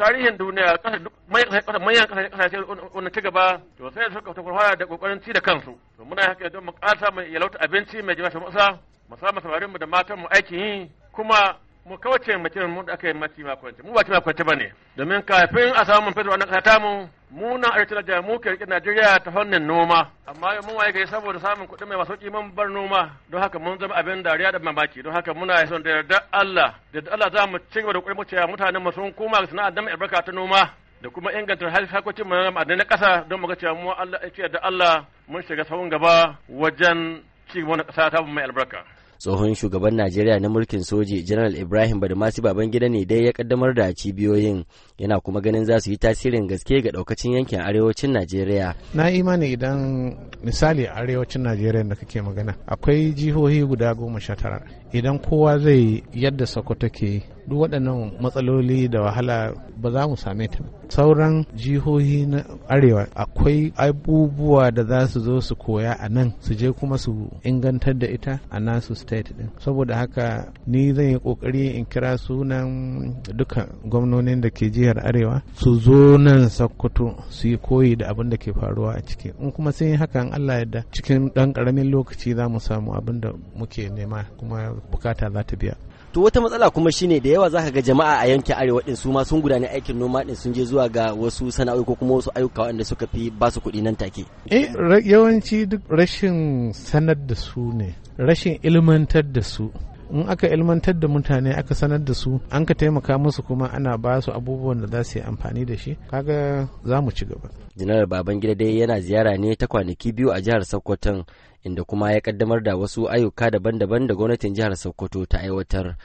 tarihin duniya manyan kasashe wanda ta gaba to sai su ka tafi da kokarin ci da kansu to muna haka don mu kasa mai yalauta abinci mai jima'a masa mu samarin mu da mu aikin yi kuma mu kawace mace mu da aka yi ma makwance mu ba ci ma ba bane. domin kafin a samu mun fito wannan kasa ta mu na arewacin Najeriya mu kirkin Najeriya ta fannin noma amma yau mun waye gari saboda samun kuɗi mai masauki mun bar noma don haka mun zama abin dariya da mamaki don haka muna son da yarda Allah da Allah za mu ci gaba da ƙoƙarin mu mutanen mu sun koma ga sana'a da albarka ta noma da kuma inganta harkokin mu na ƙasa don mu ga cewa mu Allah ya da Allah mun shiga sahun gaba wajen ci gaba na ƙasa ta mai albarka tsohon shugaban najeriya na mulkin soji general ibrahim badamasi babangida ne dai ya kaddamar da cibiyoyin yana kuma ganin za su yi tasirin gaske ga daukacin yankin arewacin najeriya na imani idan misali arewacin najeriya da kake magana akwai jihohi guda goma sha tara idan kowa zai yadda sokoto ke duk waɗannan matsaloli da wahala ba za mu same ta sauran jihohi na arewa akwai abubuwa da za su zo su koya a nan su je kuma su ingantar da ita a nasu state din saboda haka ni zan yi kokari in kira sunan duka gwamnonin da ke jihar arewa su zo nan sakkwato su yi koyi da abin da ke faruwa a ciki in kuma sun yi hakan allah yadda cikin dan karamin lokaci za mu samu abin da muke nema kuma bukata za ta biya to wata matsala kuma shine da yawa zaka ga jama'a a yankin arewa din su ma sun gudana aikin noma din sun je zuwa ga wasu sana'o'i ko kuma wasu ayyuka wanda suka fi ba su kuɗi nan take eh yawanci duk rashin sanar da su ne rashin ilmantar da su in aka ilmantar da mutane aka sanar da su an ka taimaka musu kuma ana ba su abubuwan da za su yi amfani da shi kaga za mu ci gaba janar babangida dai yana ziyara ne ta kwanaki biyu a jihar sokoton inda kuma ya kaddamar da wasu ayyuka daban-daban da gwamnatin jihar sokoto ta aiwatar